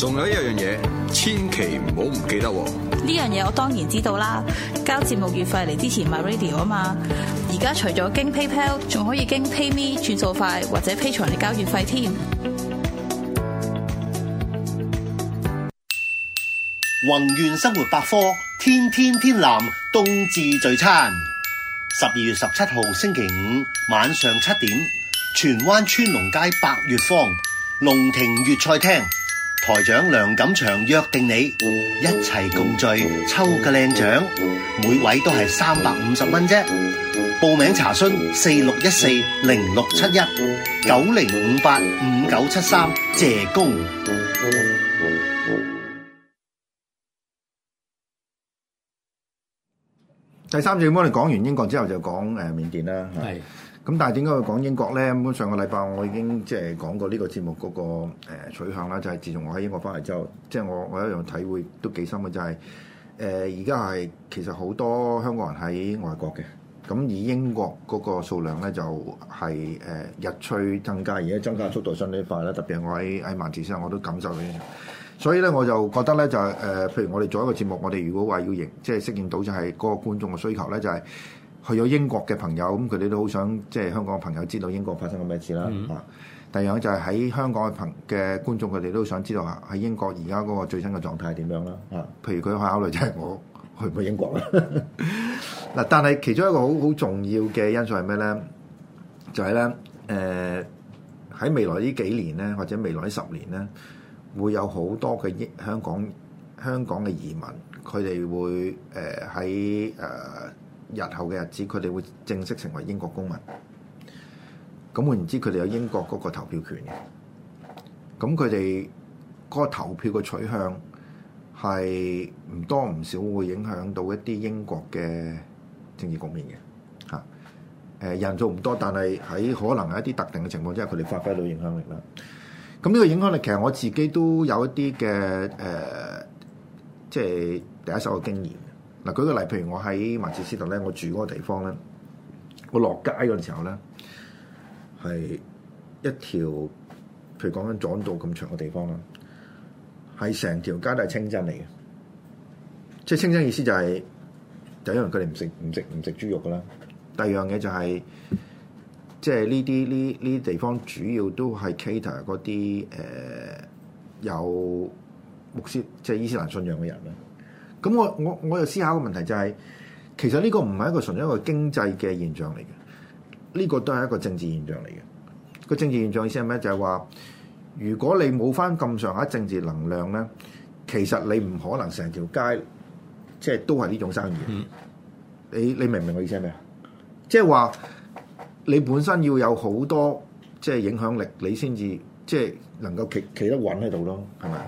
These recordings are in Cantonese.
仲有一樣嘢，千祈唔好唔記得喎！呢樣嘢我當然知道啦，交節目月費嚟支持 MyRadio 啊嘛！而家除咗經 PayPal，仲可以經 PayMe 轉數快或者 Patreon 嚟交月費添。宏源生活百科天天天藍冬至聚餐，十二月十七號星期五晚上七點，荃灣川龍街白月坊龍庭粵菜廳。台長梁錦祥約定你一齊共聚抽個靚獎，每位都係三百五十蚊啫。報名查詢四六一四零六七一九零五八五九七三謝工。第三節幫你講完英國之後就講誒緬甸啦。係。咁但係點解要講英國咧？咁上個禮拜我已經即係講過呢個節目嗰個取向啦，就係自從我喺英國翻嚟之後，即係我我一樣體會都幾深嘅，就係誒而家係其實好多香港人喺外國嘅，咁以英國嗰個數量咧就係誒日趨增加，而家增加速度上呢快啦，特別係我喺喺萬字上，我都感受到。所以咧，我就覺得咧就係誒，譬如我哋做一個節目，我哋如果話要迎即係適應到就係嗰個觀眾嘅需求咧，就係。去咗英國嘅朋友，咁佢哋都好想即係香港嘅朋友知道英國發生咗咩事啦嚇、嗯啊。第二樣就係喺香港嘅朋嘅觀眾，佢哋都想知道下喺英國而家嗰個最新嘅狀態係點樣啦嚇、啊。譬如佢可考慮即係我去唔去英國啦？嗱， 但係其中一個好好重要嘅因素係咩咧？就係、是、咧，誒、呃、喺未來呢幾年咧，或者未來呢十年咧，會有好多嘅英香港香港嘅移民，佢哋會誒喺誒。呃日後嘅日子，佢哋會正式成為英國公民。咁換言之，佢哋有英國嗰個投票權嘅。咁佢哋嗰個投票嘅取向係唔多唔少會影響到一啲英國嘅政治局面嘅。嚇，誒人數唔多，但係喺可能係一啲特定嘅情況之下，佢哋發揮到影響力啦。咁、嗯、呢個影響力，其實我自己都有一啲嘅誒，即係第一手嘅經驗。嗱，舉個例，譬如我喺曼徹斯特咧，我住嗰個地方咧，我落街嗰陣時候咧，係一條，譬如講緊撞道咁長嘅地方啦，係成條街都係清真嚟嘅，即係清真意思就係、是，第一樣佢哋唔食唔食唔食豬肉噶啦，第二樣嘢就係、是，即係呢啲呢呢啲地方主要都係 cater 嗰啲誒有穆斯即係伊斯蘭信仰嘅人咧。咁我我我又思考個問題就係，其實呢個唔係一個純粹一個經濟嘅現象嚟嘅，呢個都係一個政治現象嚟嘅。個政治現象意思係咩？就係話，如果你冇翻咁上下政治能量咧，其實你唔可能成條街即係都係呢種生意。你你明唔明我意思係咩？即係話，你本身要有好多即係影響力，你先至即係能夠企企得穩喺度咯，係咪？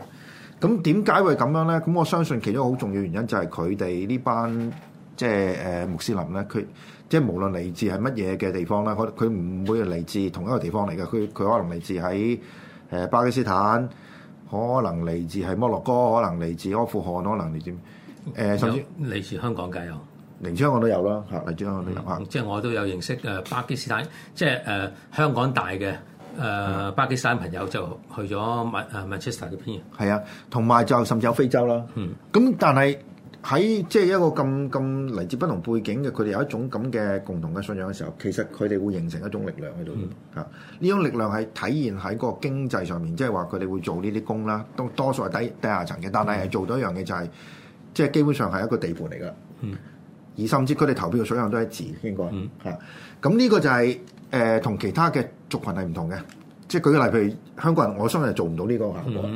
咁點解會咁樣咧？咁我相信其中好重要原因就係佢哋呢班即係、就是呃、穆斯林咧，佢即係無論嚟自係乜嘢嘅地方啦，佢佢唔會嚟自同一個地方嚟嘅。佢佢可能嚟自喺、呃、巴基斯坦，可能嚟自係摩洛哥，可能嚟自阿富汗，可能嚟自嚟、呃、甚至嚟自香港都有。嚟自香港我都有啦嚇，嚟自香港即係我都有認識、呃、巴基斯坦，即係誒香港大嘅。誒、呃、巴基斯坦朋友就去咗麥誒麥哲西嗰邊，係啊，同埋就甚至有非洲啦。嗯，咁但係喺即係一個咁咁嚟自不同背景嘅，佢哋有一種咁嘅共同嘅信仰嘅時候，其實佢哋會形成一種力量喺度。呢、嗯、種力量係體現喺個經濟上面，即係話佢哋會做呢啲工啦。多多數係低低下層嘅，但係係做到一樣嘢就係、是，即、就、係、是、基本上係一個地盤嚟噶。而甚至佢哋投票嘅所有都係字應該。咁呢個就係、是。誒、呃、同其他嘅族群係唔同嘅，即係舉個例，譬如香港人我相，我信係做唔到呢個效果，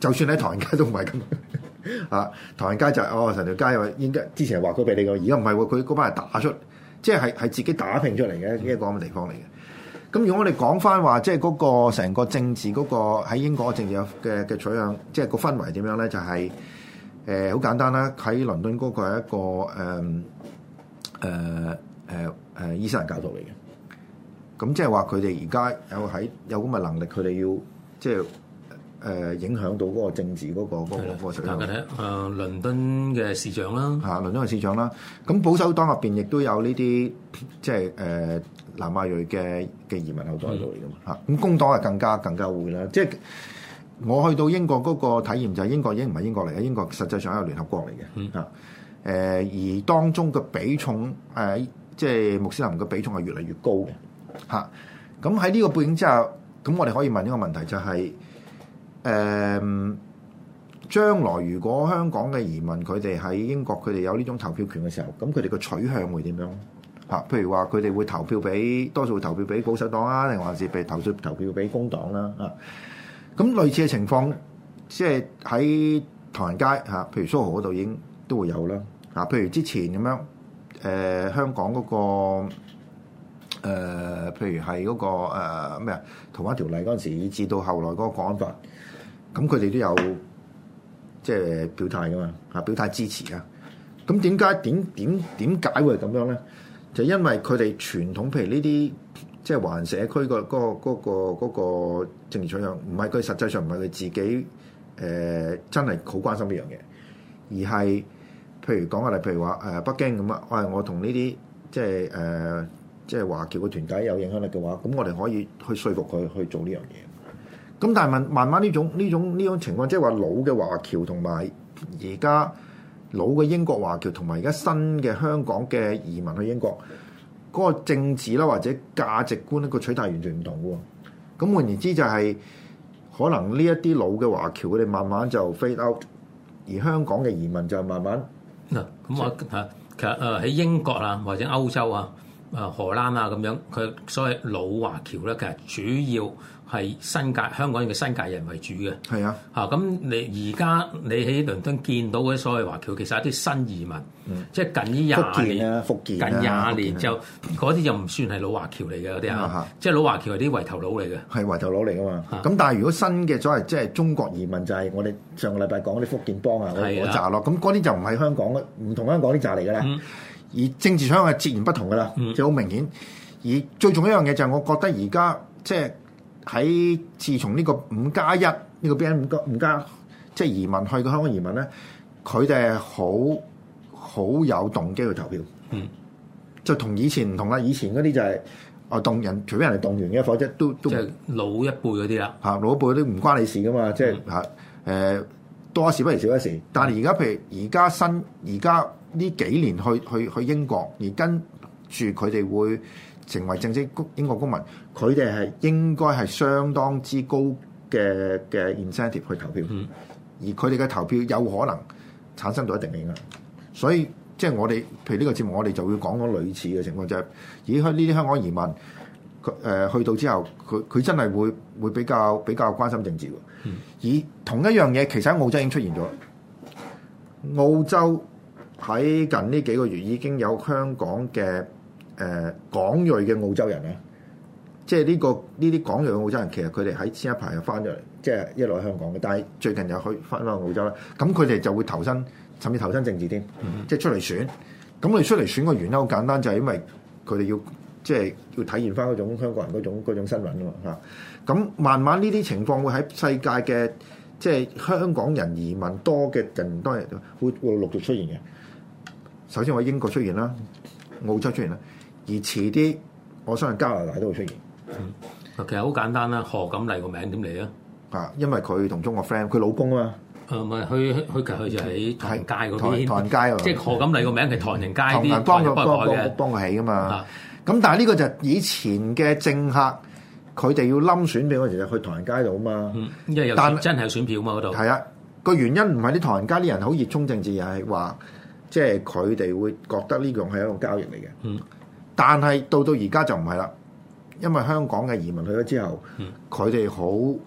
就算喺唐人街都唔係咁啊！唐人街就係、是、哦成條街，因為應該之前話佢俾你個，而家唔係喎，佢嗰班係打出，即係係自己打拼出嚟嘅，嗯嗯一個咁嘅地方嚟嘅。咁如果我哋講翻話，即係嗰個成個政治嗰、嗰個喺英國政治嘅嘅取向，即係個氛圍點樣咧？就係誒好簡單啦，喺倫敦嗰個係一個誒誒誒誒伊斯蘭教徒嚟嘅。咁即係話佢哋而家有喺有咁嘅能力，佢哋要即係誒、呃、影響到嗰個政治嗰、那個方、誒倫敦嘅市長啦，吓、啊、倫敦嘅市長啦。咁保守黨入邊亦都有呢啲即係誒、呃、南亞裔嘅嘅移民後代喺度嚟噶嘛。吓、嗯，咁、啊、工黨係更加更加會啦。即係我去到英國嗰個體驗就係英國已經唔係英國嚟嘅，英國實際上係一個聯合國嚟嘅吓。誒、嗯啊、而當中嘅比重誒、啊、即係穆斯林嘅比重係越嚟越高嘅。嚇、啊！咁喺呢個背景之下，咁我哋可以問一個問題，就是，就係誒將來如果香港嘅移民佢哋喺英國佢哋有呢種投票權嘅時候，咁佢哋嘅取向會點樣？嚇、啊！譬如話佢哋會投票俾多數會投票俾保守黨啊，定還是被投票投票俾工黨啦，啊？嚇、啊！咁類似嘅情況，即係喺唐人街嚇、啊，譬如蘇豪嗰度已經都會有啦。嚇、啊！譬如之前咁樣誒、呃，香港嗰、嗰個。誒、呃，譬如係嗰、那個咩啊《逃犯條例》嗰陣時，以至到後來嗰個《國安法》，咁佢哋都有即係表態噶嘛，啊表態支持啊。咁點解點點點解會咁樣咧？就因為佢哋傳統，譬如呢啲即係華人社區、那個嗰、那個嗰個、那個政治取向，唔係佢實際上唔係佢自己誒、呃、真係好關心呢樣嘢，而係譬如講下，例，譬如話誒北京咁啊，喂、哎，我同呢啲即係誒。呃即係華僑嘅團體有影響力嘅話，咁我哋可以去說服佢去做呢樣嘢。咁但係慢慢慢呢種呢種呢種情況，即係話老嘅華僑同埋而家老嘅英國華僑，同埋而家新嘅香港嘅移民去英國嗰個政治啦，或者價值觀咧，個取態完全唔同嘅。咁換言之，就係可能呢一啲老嘅華僑，佢哋慢慢就 fade out，而香港嘅移民就慢慢嗱。咁我嚇其實誒喺英國啊，或者歐洲啊。誒荷蘭啊咁樣，佢所謂老華僑咧，其實主要係新界香港嘅新界人為主嘅。係啊，嚇咁你而家你喺倫敦見到嗰啲所謂華僑，其實係一啲新移民，嗯、即係近依廿年，福建啊，福建、啊、近廿年就嗰啲、啊、就唔算係老華僑嚟嘅嗰啲啊，即係老華僑係啲圍頭佬嚟嘅，係圍頭佬嚟噶嘛。咁、啊、但係如果新嘅所謂即係中國移民，就係我哋上個禮拜講啲福建幫啊嗰嗰扎咯，咁嗰啲就唔係香港，唔同香港啲宅嚟嘅咧。嗯而政治上係截然不同噶啦，嗯、就好明顯。而最重要一樣嘢就係，我覺得而家即係喺自從呢個五加一呢個邊五加五加即係、就是、移民去嘅香港移民咧，佢哋係好好有動機去投票。嗯，就同以前唔同啦。以前嗰啲就係啊動人，除非人哋動員嘅，否則都都即係、就是、老一輩嗰啲啦。嚇，老一輩嗰啲唔關你事噶嘛。即係嚇誒多一事不如少一事。嗯、但係而家譬如而家新而家。呢幾年去去去英國而跟住佢哋會成為正式英國公民，佢哋係應該係相當之高嘅嘅 incentive 去投票，而佢哋嘅投票有可能產生到一定嘅影響，所以即係我哋譬如呢個節目，我哋就會講嗰類似嘅情況，就係咦香呢啲香港移民誒去到之後，佢佢真係會會比較比較關心政治嘅，而同一樣嘢其實喺澳洲已經出現咗澳洲。喺近呢幾個月已經有香港嘅誒、呃、港裔嘅澳洲人咧，即係呢、呢個呢啲港裔嘅澳洲人，其實佢哋喺先一排又翻咗嚟，即係一路喺香港嘅，但係最近又去翻翻澳洲啦。咁佢哋就會投身，甚至投身政治添，即係出嚟選。咁佢出嚟選嘅原因好簡單，就係、是、因為佢哋要即係要體驗翻嗰種香港人嗰種、嗰種新聞啊嘛嚇。咁慢慢呢啲情況會喺世界嘅即係香港人移民多嘅人多，會會陸續出現嘅。首先我喺英國出現啦，澳洲出現啦，而遲啲我相信加拿大都會出現。嗯、其實好簡單啦，何錦麗個名點嚟啊？啊，因為佢同中國 friend，佢老公啊。誒咪佢佢佢就喺唐人街嗰邊唐。唐人街即係何錦麗個名係唐人街啲、嗯、人幫佢幫佢起㗎嘛。咁、啊、但係呢個就係以前嘅政客，佢哋要冧選票嗰陣時，去唐人街度啊嘛。依、嗯、家有但真係有選票啊嘛嗰度。係啊，個原因唔係啲唐人街啲人好熱衷政治，係話。即係佢哋會覺得呢樣係一個交易嚟嘅，但係到到而家就唔係啦，因為香港嘅移民去咗之後，佢哋好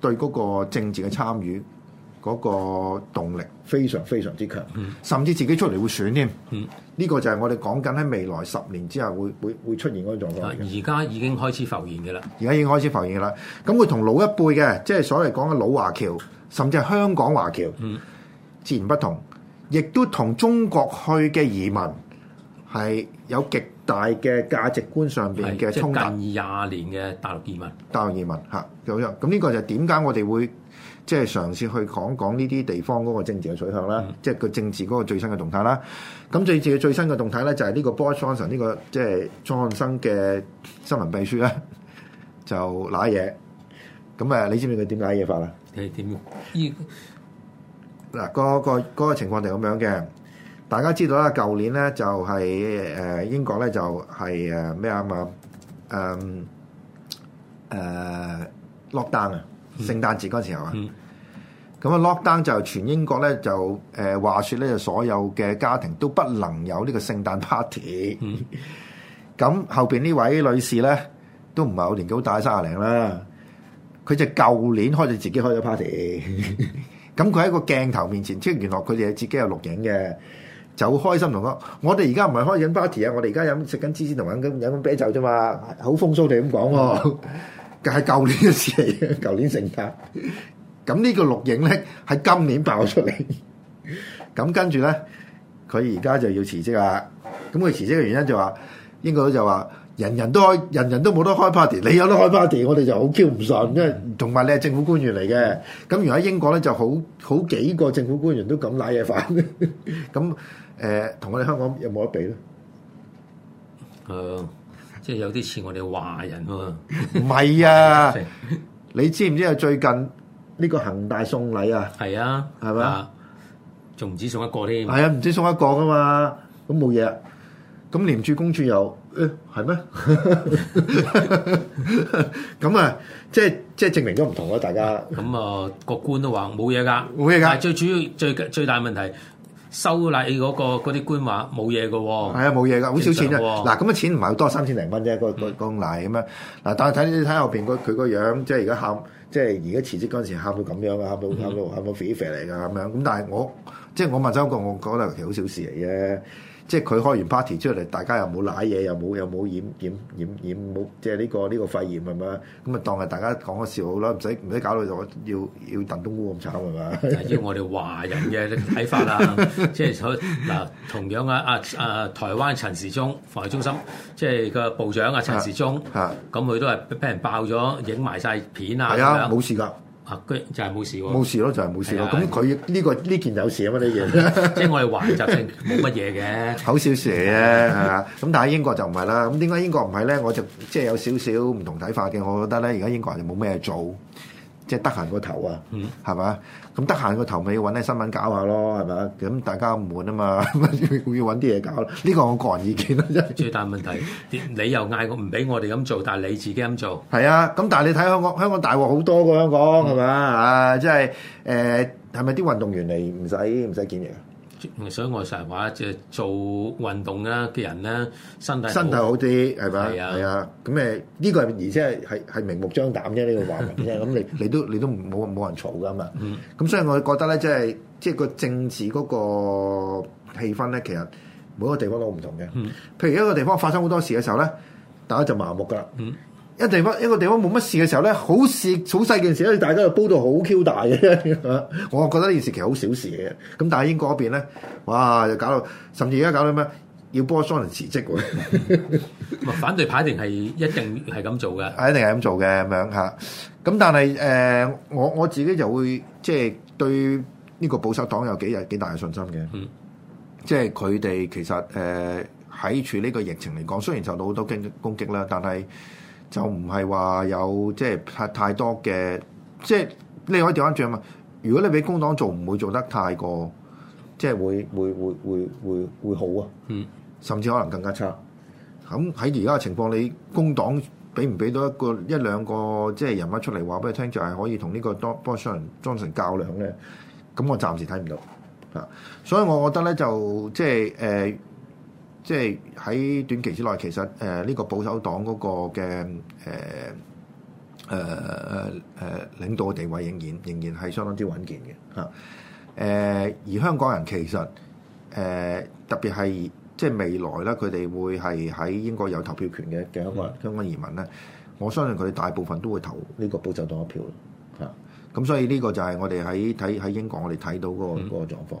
對嗰個政治嘅參與嗰個動力非常非常之強，嗯、甚至自己出嚟會選添。呢個就係我哋講緊喺未來十年之後會會會出現嗰種狀況。而家已經開始浮現嘅啦，而家已經開始浮現嘅啦。咁佢同老一輩嘅，即係所謂講嘅老華僑，甚至係香港華僑、嗯，自然不同。亦都同中國去嘅移民係有極大嘅價值觀上面嘅衝突，即係近廿年嘅大陸移民、大陸移民嚇咁樣。咁呢個就點解我哋會即係、就係、嘗試去講講呢啲地方嗰個政治嘅取向啦、嗯，即係個政治嗰個最新嘅動態啦。咁政治嘅最新嘅動態咧，就係呢個 Boris Johnson 呢個即係莊生嘅新聞秘書咧， 就賴嘢。咁你知唔知佢點賴嘢法啦誒點？嗱、那個，個個嗰個情況就係咁樣嘅。大家知道啦，舊年咧就係、是、誒、呃、英國咧就係誒咩啊嘛誒誒 lockdown 啊、嗯，聖誕節嗰陣時候啊，咁、嗯、啊 lockdown 就全英國咧就誒、呃、話說咧，就所有嘅家庭都不能有呢個聖誕 party。咁、嗯、 後邊呢位女士咧都唔係好年紀好大三十，三廿零啦，佢就舊年開始自己開咗 party。嗯 咁佢喺個鏡頭面前，即係原來佢哋自己有錄影嘅，就好開心同我。我哋而家唔係開緊 party 啊，我哋而家飲食緊芝士同飲緊飲緊啤酒啫嘛，好風騷地咁講喎。但係舊年嘅事嚟嘅，舊年成家。咁呢個錄影咧喺今年爆出嚟，咁跟住咧，佢而家就要辭職啦。咁佢辭職嘅原因就話，英國佬就話。人人都人人都冇得開 party，你有得開 party，我哋就好 Q 唔順，因為同埋你係政府官員嚟嘅。咁如果喺英國咧，就好好幾個政府官員都咁賴嘢飯。咁 同、呃、我哋香港有冇得比咧？誒、呃，即、就、係、是、有啲似我哋華人啊嘛。唔係啊， 是啊 你知唔知最近呢個恒大送禮啊，係啊，係咪？仲、啊、唔止送一個添？係啊，唔止送一個噶嘛，咁冇嘢。咁廉署公署有，誒，係咩？咁啊，即係即係證明咗唔同咯、啊，大家、嗯。咁、呃、啊，個官都話冇嘢噶，冇嘢噶。但係最主要最最大問題，收禮嗰、那個嗰啲官話冇嘢噶，係啊冇嘢噶，好少錢啫、啊。嗱、哦，咁啊錢唔係多三千零蚊啫，那個、那個公禮咁啊。嗱，但係睇你睇後邊佢個樣，即係而家喊，即係而家辭職嗰陣時喊到咁樣啊，喊到喊到喊到肥肥嚟噶咁樣。咁、嗯、但係我即係我問責我，我覺得係好少事嚟啫。即係佢開完 party 出嚟，大家又冇奶嘢，又冇又冇染染染染冇，即係呢、呢個呢、呢個肺炎係咪？咁啊當係大家講個笑好啦，唔使唔使搞到咗要要燉冬菇咁慘係嘛？要，要我哋華人嘅睇法啊， 即係所嗱同樣啊啊台灣陳時中防疫中心，即係個部長啊陳時中，咁、啊、佢、啊、都係俾人爆咗，影埋晒片啊，係啊冇事㗎。啊！佢就係、是、冇事喎，冇事咯，就係、是、冇事咯。咁佢呢個呢、這個這個、件有事啊嘛啲嘢，即係、就是、我哋懷集成冇乜嘢嘅，好 少事啊，係嘛？咁但係英國就唔係啦。咁點解英國唔係咧？我就即係、就是、有少少唔同睇法嘅。我覺得咧，而家英國人就冇咩做。即係得閒個頭啊，係、嗯、嘛？咁得閒個頭咪要揾啲新聞搞下咯，係咪？咁大家唔悶啊嘛， 要要揾啲嘢搞。呢、這個我個人意見啦，真係最大問題。 你又嗌我唔俾我哋咁做，但係你自己咁做。係啊，咁但係你睇香港香港，大鑊好多嘅，香港係咪、嗯？啊，即係誒係咪啲運動員嚟唔使唔使檢疫？所以我成日話，就做運動啦嘅人咧，身體身體好啲，係咪啊？係啊，咁誒呢個是，而且係係係明目張膽啫，呢、這個話題啫。咁 你你都你都冇冇人吵噶嘛？咁、嗯、所以我覺得咧，即係即係個政治嗰個氣氛咧，其實每個地方都唔同嘅、嗯。譬如一個地方發生好多事嘅時候咧，大家就麻木噶啦。嗯一地方一個地方冇乜事嘅時候咧，好事好細件事，跟住大家就煲到好 Q 大嘅，我覺得呢件事其實好小事嘅。咁但係英國嗰邊咧，哇，又搞到甚至而家搞到咩要波桑人辭職喎？嗯、 反對派定係一定係咁做嘅？一定係咁做嘅，咁樣，咁但係誒、呃，我我自己就會即係對呢個保守黨有幾日，幾大嘅信心嘅、嗯。即係佢哋其實誒喺、呃、處呢個疫情嚟講，雖然受到好多攻攻擊啦，但係。就唔係話有即係太太多嘅，即係你可以調翻轉啊嘛！如果你俾工黨做，唔會做得太過，即係會會會會會會好啊！嗯，甚至可能更加差。咁喺而家嘅情況，你工黨俾唔俾到一個一兩個即係人物出嚟話俾你聽，就係可以同呢個 Boris Johnson 裝成較量咧？咁我暫時睇唔到啊，所以我覺得咧就即係誒。呃即係喺短期之內，其實誒呢個保守黨嗰個嘅誒誒誒領導嘅地位仍然仍然係相當之穩健嘅嚇。誒、呃、而香港人其實誒、呃、特別係即係未來啦，佢哋會係喺英國有投票權嘅嘅一個香港移民咧，我相信佢哋大部分都會投呢、呢個保守黨嘅票咯嚇。咁所以呢個就係我哋喺睇喺英國我哋睇到嗰，那個狀況，那個、狀況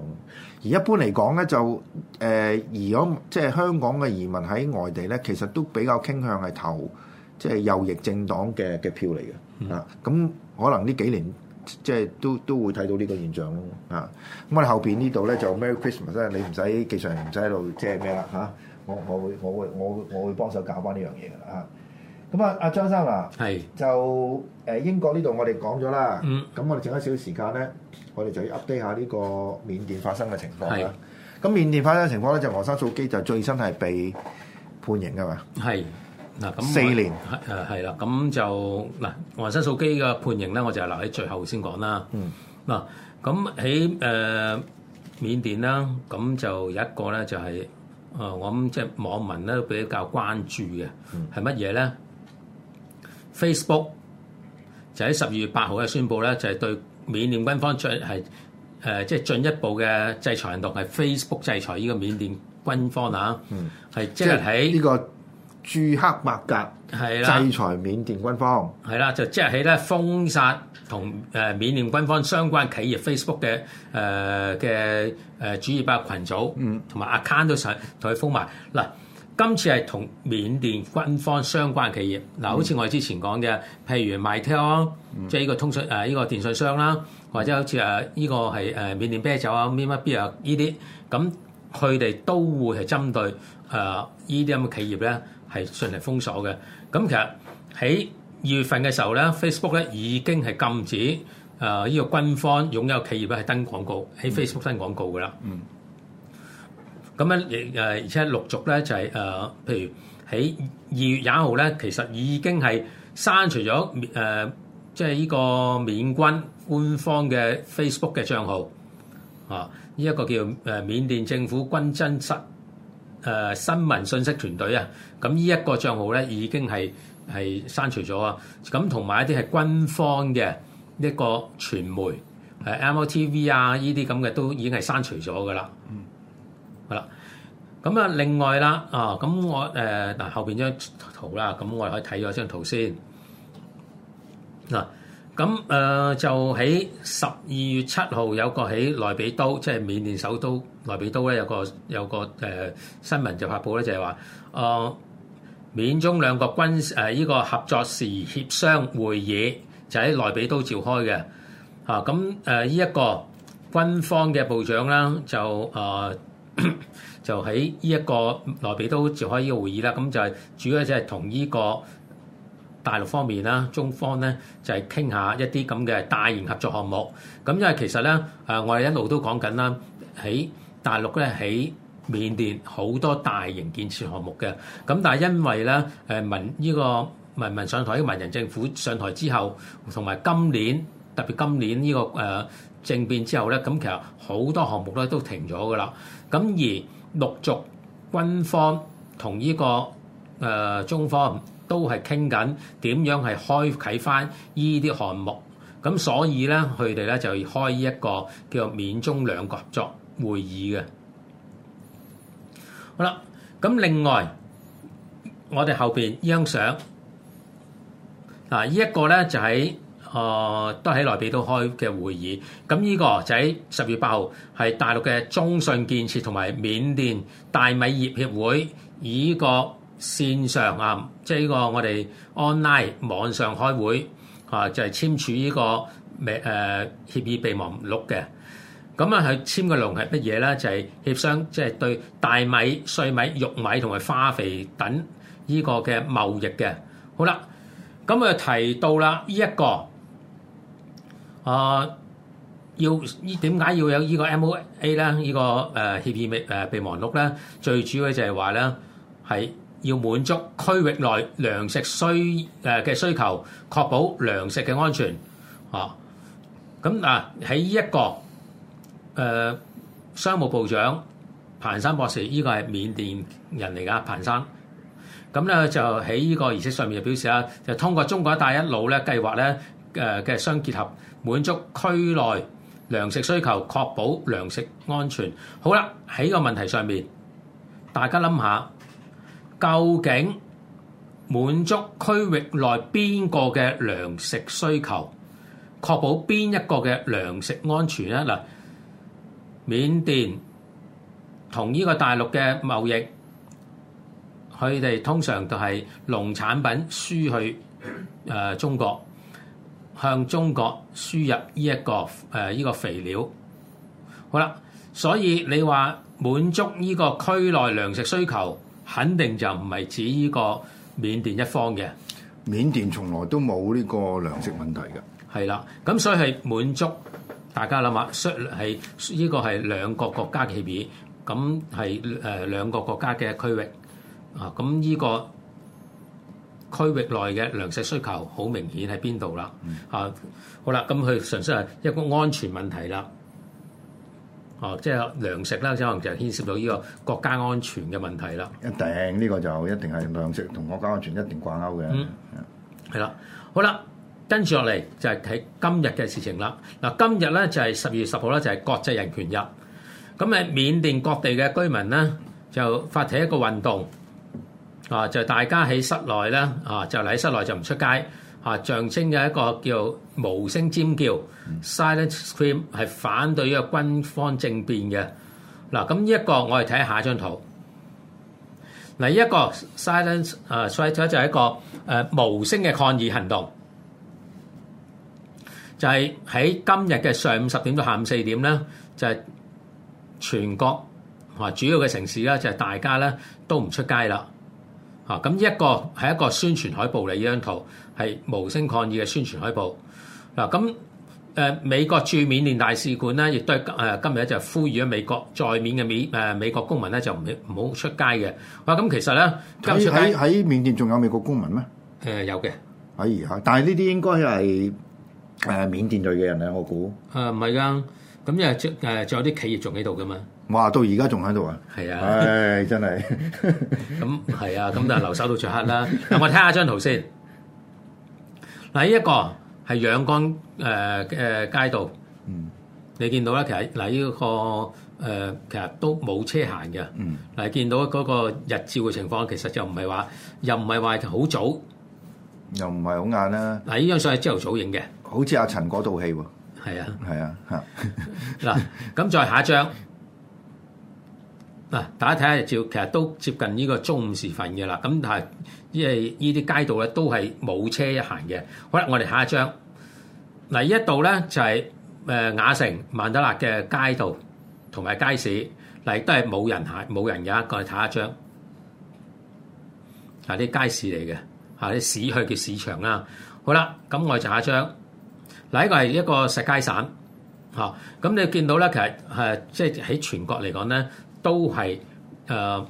而一般嚟講咧，就誒、呃、移民即係香港嘅移民喺外地咧，其實都比較傾向係投即係、就是、右翼政黨嘅嘅票嚟嘅、嗯、啊。咁可能呢幾年即係、就是、都都會睇到呢個現象咯啊。咁我哋後面呢度咧就 Merry Christmas 你唔使其實唔使喺度即係咩啦吓，我我會我會我我會幫手搞翻呢樣嘢㗎啦咁啊，阿張生啊，就誒英國呢度我哋講咗啦，咁我哋剩一少少時間咧，我哋就要 update 下呢個緬甸發生嘅情況啦。咁緬甸發生嘅情況咧，就昂山素姬就最新係被判刑噶嘛？係嗱，咁四年誒係啦。咁就嗱，昂山素姬嘅判刑咧，我就留喺最後先講啦。嗱，咁喺誒緬甸啦，咁就有一個咧就係啊，我諗即係網民咧都比較關注嘅係乜嘢咧？Facebook 就喺十二月八號嘅宣佈咧，就係對緬甸軍方進係誒即係進一步嘅制裁行動係，Facebook 制裁呢個緬甸軍方啊，係即係喺呢個朱克伯格係制裁緬甸軍方，係、嗯這個、啦，啦，就即係喺咧封殺同誒緬甸軍方相關企業 Facebook 嘅誒嘅誒主頁白群組，嗯，同埋 account 都想同佢封埋嗱。今次係同緬甸軍方相關企業，嗱，好似我哋之前講嘅，譬如 Mytel，即係呢個通訊誒呢個電信商啦，或者好似誒呢個係誒緬甸啤酒啊、咩乜邊啊呢啲，咁佢哋都會係針對誒呢啲咁嘅企業咧，係順嚟封鎖嘅。咁其實喺二月份嘅時候咧，Facebook 咧已經係禁止誒呢個軍方擁有企業咧係登廣告喺 Facebook 登廣告㗎啦。Mm-hmm. 咁咧，亦誒而且陸續咧就係誒，譬如喺二月廿號咧，其實已經係刪除咗誒即係呢個緬軍官方嘅 Facebook 嘅帳號，啊，呢一個叫誒緬甸政府軍真實誒新聞信息團隊啊，咁呢一個帳號咧已經係係刪除咗啊，咁同埋一啲係軍方嘅一個傳媒，MOTV 啊呢啲咁嘅都已經係刪除咗噶啦。咁啊，另外啦，啊，咁我誒嗱後邊張圖啦，咁我哋可以睇咗一張圖先嗱，咁誒就喺十二月七號有個喺內比都，即係緬甸首都內比都咧，有個有個誒新聞就發布咧，就係話誒緬中兩個軍誒呢個合作時協商會議就喺內比都召開嘅嚇，咁誒呢一個軍方嘅部長啦就誒。 就喺呢一個內比都召開呢個會議啦。咁就係主要就係同呢個大陸方面啦，中方咧就係、是、傾下一啲咁嘅大型合作項目。咁因為其實咧，誒我哋一路都講緊啦，喺大陸咧喺緬甸好多大型建設項目嘅。咁但係因為咧誒民呢文、這個民民上台，呢個文人政府上台之後，同埋今年特別今年呢、這個誒、呃、政變之後咧，咁其實好多項目咧都停咗噶啦。咁而陸續軍方同呢個誒中方都係傾緊點樣係開啟翻呢啲項目，咁所以呢佢哋呢就開一個叫做免中兩國合作會議嘅。好啦，咁另外我哋後邊呢張相嗱，呢一個呢就喺。誒都喺內比都開嘅會議，咁呢個就喺十月八號，係大陸嘅中信建設同埋緬甸大米業協會以呢個線上啊，即係呢個我哋 online 網上開會啊，就係、是、簽署呢個誒協議備忘錄嘅。咁啊，佢簽嘅籠係乜嘢咧？就係、是、協商，即、就、係、是、對大米、碎米、玉米同埋化肥等呢個嘅貿易嘅。好啦，咁啊提到啦呢一個。啊！要呢點解要有呢個 MOA 咧？呢、呢個誒協議誒備忘錄咧，最主要就係話咧係要滿足區域內糧食需誒嘅需求，確保糧食嘅安全。啊！咁啊喺呢一個誒、啊、商務部長彭生博士，呢、呢個係緬甸人嚟㗎彭生，咁咧就喺呢個儀式上面就表示啦，就通過中國一帶一路咧計劃咧誒嘅相結合。滿足區內糧食需求，確保糧食安全。好啦，喺個問題上面，大家諗下，究竟滿足區域內邊個嘅糧食需求，確保邊一個嘅糧食安全呢？嗱，緬甸同呢個大陸嘅貿易，佢哋通常就係農產品輸去誒中國。向中國輸入呢一個肥料，好啦，所以你話滿足呢個區內糧食需求，肯定就唔係指呢個緬甸一方嘅。緬甸從來都冇呢個糧食問題嘅。係啦，咁所以係滿足，大家諗下，係、這、依個係兩個國家嘅協議，咁係誒兩個國家嘅區域啊，咁依個區域內嘅糧食需求好明顯喺邊度啦？啊，好啦，咁佢純粹係一個安全問題啦。啊，即係糧食咧，可能就牽涉到呢個國家安全嘅問題啦。一定呢個就一定係糧食同國家安全一定掛鈎嘅。嗯，係啦，好啦，跟住落嚟就係睇今日嘅事情啦。嗱，啊，今日咧就係十二月十號咧，就係國際人權日。咁誒，緬甸各地嘅居民咧就發起一個運動。啊！就是、大家喺室內咧，啊就喺室內就唔出街，啊象徵嘅一個叫做無聲尖叫、嗯、（silent scream） 係反對呢個軍方政變嘅。嗱，咁呢一個我哋睇下張圖。嗱，呢一個 silent c 啊，再再就係一個誒無聲嘅抗議行動，就係、是、喺今日嘅上午十點到下午四點咧，就係、是、全國啊主要嘅城市咧，就係、是、大家咧都唔出街啦。咁一個係一個宣傳海報嚟，呢張圖係無聲抗議嘅宣傳海報。嗱，咁美國駐緬甸大使館咧，亦都係誒今日就呼籲咗美國在緬嘅緬美國公民咧就唔好唔好出街嘅。哇，咁其實咧，喺喺緬甸仲有美國公民咩、嗯？有嘅。可以吓，但係呢啲應該係誒緬甸裔嘅人咧，我估。誒唔係㗎，咁又誒仲有啲企業仲喺度㗎嘛？哇！到而家仲喺度啊！係、哎、 啊！唉，真係咁係啊！咁就留守到着黑啦。嗱，我睇下張圖先。嗱、啊，依、這、一個係陽江誒誒街道，嗯，你見到啦？其實嗱，呢、啊這個誒、呃、其實都冇車行嘅，嗯。嗱，見到嗰個日照嘅情況，其實就唔係話又唔係話好早，又唔係好晏啦。嗱、啊，呢張相係朝頭早影嘅，好似阿陳嗰套戲喎。係啊，係啊。嗱、啊，咁、啊啊、再下一張。啊！大家睇下照，其實都接近呢個中午時分嘅啦。咁但係呢啲街道咧都係冇車一行嘅。好啦，我哋下一張嗱，依一度咧就係誒雅城曼德納嘅街道同埋街市嚟，都係冇人行冇人有一個。睇下一張，係啲街市嚟嘅，係啲市去嘅市場啦。好啦，咁我哋下一張嗱，依個係一個石街省嚇。咁你見到咧，其實係即係喺全國嚟講咧。都係誒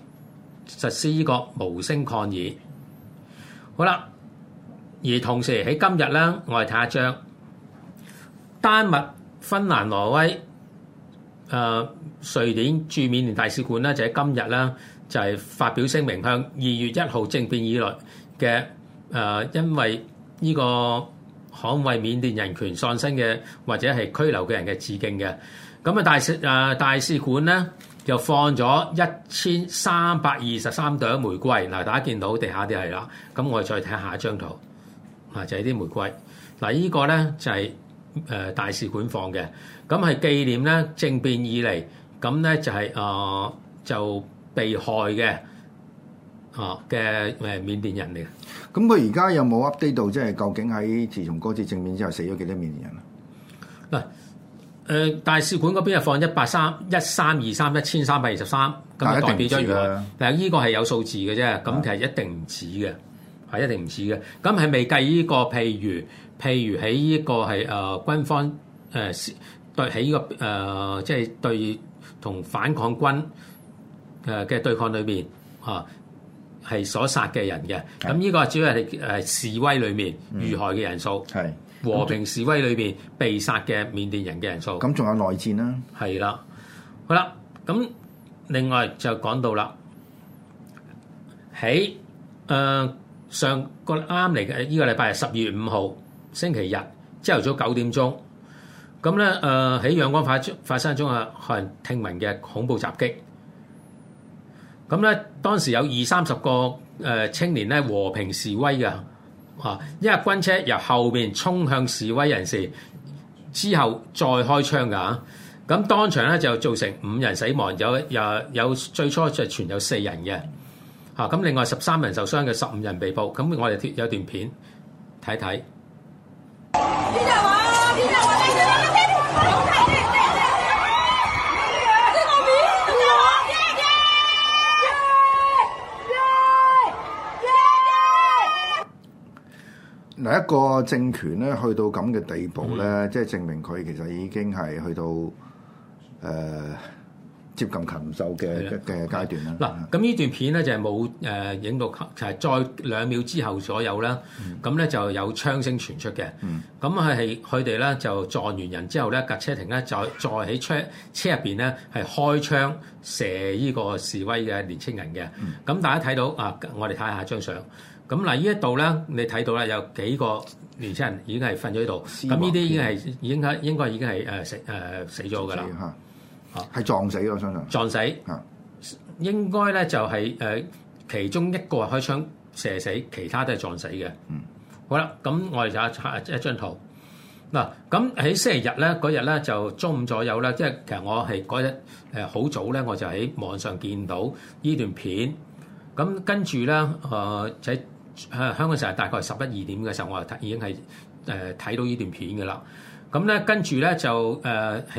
實施依個無聲抗議。好啦，而同時喺今日咧，我哋睇下張丹麥、芬蘭、挪威、誒瑞典駐緬甸大使館咧，就喺今日咧就係發表聲明，向二月一號政變以來嘅誒，因為依個捍衛緬甸人權喪生嘅或者係拘留嘅人嘅致敬嘅。咁啊，大使啊，大使館咧。又放咗一千三百二十三朵玫瑰，嗱，大家見到地下啲係啦，咁我哋再睇下一張圖，啊就係、是、啲玫瑰，嗱、這、依個咧就係誒大使館放嘅，咁係紀念咧政變以嚟，咁咧就係、是、啊、呃、就被害嘅啊嘅誒緬甸人嚟，咁佢而家有冇 update 到即係究竟喺自從嗰次政變之後死咗幾多緬甸人啊？嗱。誒、呃、大使館嗰邊係放一百三一三二三一千三百二,二十三，咁代表咗如何？嗱，呢個係有數字嘅啫，咁其實一定唔止嘅，係一定唔止嘅。咁係未計呢、呢個，譬如譬如喺呢個係誒、呃、軍方誒、呃這個呃就是、對喺呢個誒即係對同反抗軍誒嘅對抗裏面，嚇、啊、係所殺嘅人嘅。咁呢個只係誒示威裏面遇害嘅人數。係、嗯。和平示威裏邊被殺嘅緬甸人嘅人數，咁仲有內戰啦、啊。係啦，好啦，咁另外就講到啦，喺誒、呃、上個啱嚟嘅呢個禮拜係十二月五號星期日朝頭早九點鐘，咁咧誒喺仰光發發生咗啊可聽聞嘅恐怖襲擊，咁咧當時有二三十個誒、呃、青年咧和平示威嘅。啊！因為軍車由後面衝向示威人士，之後再開槍噶，咁當場咧就造成五人死亡，有有有最初就傳有四人嘅，嚇咁另外十三人受傷嘅，十五人被捕。咁我哋有段片睇睇。看看嗱，一個政權咧去到咁嘅地步咧、嗯，即係證明佢其實已經係去到誒、呃、接近禽獸嘅嘅階段啦。嗱，咁、嗯、呢段片咧就係冇誒影到，就係再兩秒之後左右啦。咁、嗯、咧就有槍聲傳出嘅。咁佢係佢哋咧就撞完人之後咧，架車停咧，就再喺車車入邊咧係開槍射呢個示威嘅年輕人嘅。咁、嗯、大家睇到啊，我哋睇下張相。咁嗱，呢一度咧，你睇到啦，有幾個年輕人已經係瞓咗喺度。咁呢啲已經係已經應該已經係、呃、死、呃、死咗㗎啦。係、呃、撞死嘅我相信。撞死。呃、應該咧就係、係呃、其中一個開槍射死，其他都係撞死嘅。嗯。好啦，咁我哋就下一張圖。嗱、呃，咁喺星期日咧嗰日咧就中午左右咧，即係其實我係嗰日好早咧，我就喺網上見到呢段片。咁跟住咧啊、香港成日大概十一二點嘅時候，我係已經係誒睇到呢段片嘅啦。咁、嗯、咧跟住咧就誒喺、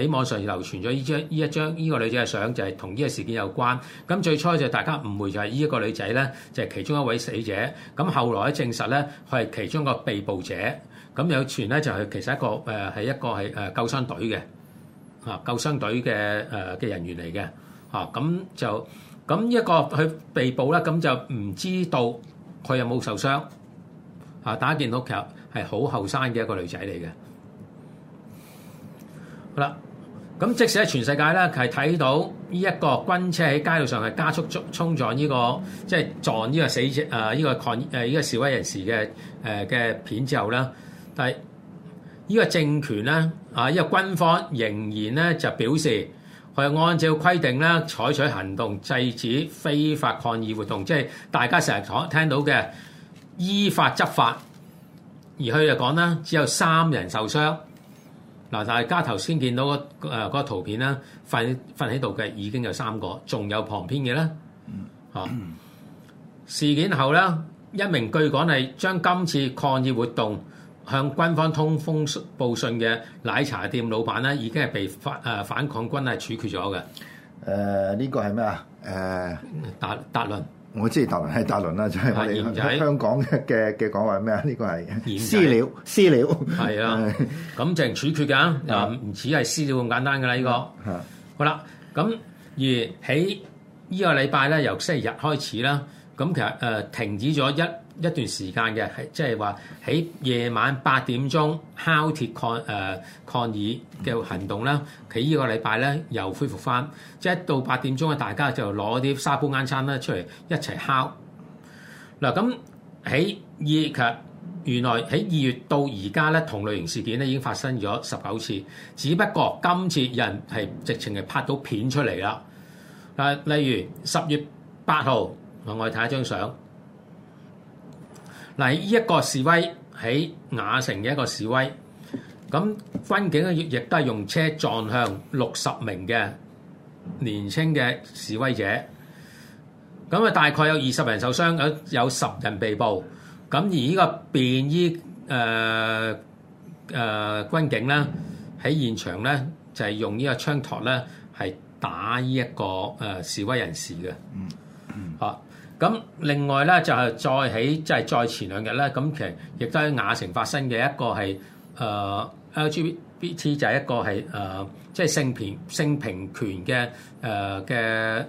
呃、網上流傳咗呢張呢一張呢個女仔嘅相，就係同呢個事件有關。咁、嗯、最初就大家誤會就係呢一個女仔咧，就係、是、其中一位死者。咁、嗯、後來咧證實咧佢係其中一個被捕者。咁、嗯、有傳咧就係其實一個誒係、呃、一個係誒救傷隊嘅嚇、啊、救傷隊嘅誒嘅人員嚟嘅嚇，咁就咁、嗯嗯、一個佢被捕啦，咁、嗯、就唔知道。佢有冇受傷？啊！大家見到其實係好後生嘅一個女仔嚟嘅。好啦，咁即使喺全世界咧係睇到依一個軍車喺街道上係加速衝衝撞呢、依個即係、就是、撞依個死者呢、依個抗、依個、示威人士嘅誒嘅片之後咧，但係依個政權咧啊依個軍方仍然咧就表示。佢按照規定啦，採取行動制止非法抗議活動，即係大家成日聽到嘅依法執法。而佢就講啦，只有三人受傷。嗱，大家頭先見到嗰誒、嗰個圖片啦，瞓瞓喺度嘅已經有三個，仲有旁邊嘅咧。 事件後咧，一名據講係將今次抗議活動向軍方通風報信嘅奶茶店老闆咧，已經係被反反抗軍係處決咗嘅。誒、呃、呢、呢個係咩啊？達倫，我知達倫係達倫啦，就係、是、我哋香港嘅嘅講話咩啊？呢、呢個係私，私了，私了係啊，咁就係處決㗎，唔似係私了咁簡單㗎啦。呢、呢個、啊、好啦，咁而喺呢個禮拜咧，由星期日開始啦，咁其實停止咗一一段時間嘅，係即係話喺夜晚八點鐘敲鐵抗誒、呃、抗議嘅行動啦，佢、這、呢個禮拜咧又恢復返，即、就、係、是、到八點鐘啊，大家就攞啲沙煲罌罉啦出嚟一齊敲。嗱，咁喺二月，原來喺二月到而家咧同類型事件咧已經發生咗十九次，只不過今次有人係直情係拍到片出嚟啦。嗱，例如十月八號，我哋睇一張相。嗱，呢一個示威喺亞城嘅一個示威，咁軍警咧亦都係用車撞向六十名嘅年輕嘅示威者，咁啊大概有二十人受傷，有有十人被捕。咁而呢個便衣誒誒、呃呃、軍警咧喺現場咧就係、是、用這個槍呢是、這個槍托咧係打呢一個誒示威人士嘅，嗯嗯，嚇。咁另外咧就係再喺即係再前兩日咧，咁其實亦都喺亞城發生嘅一個係誒 LGBT 就係一個係誒即係性平性平權嘅誒嘅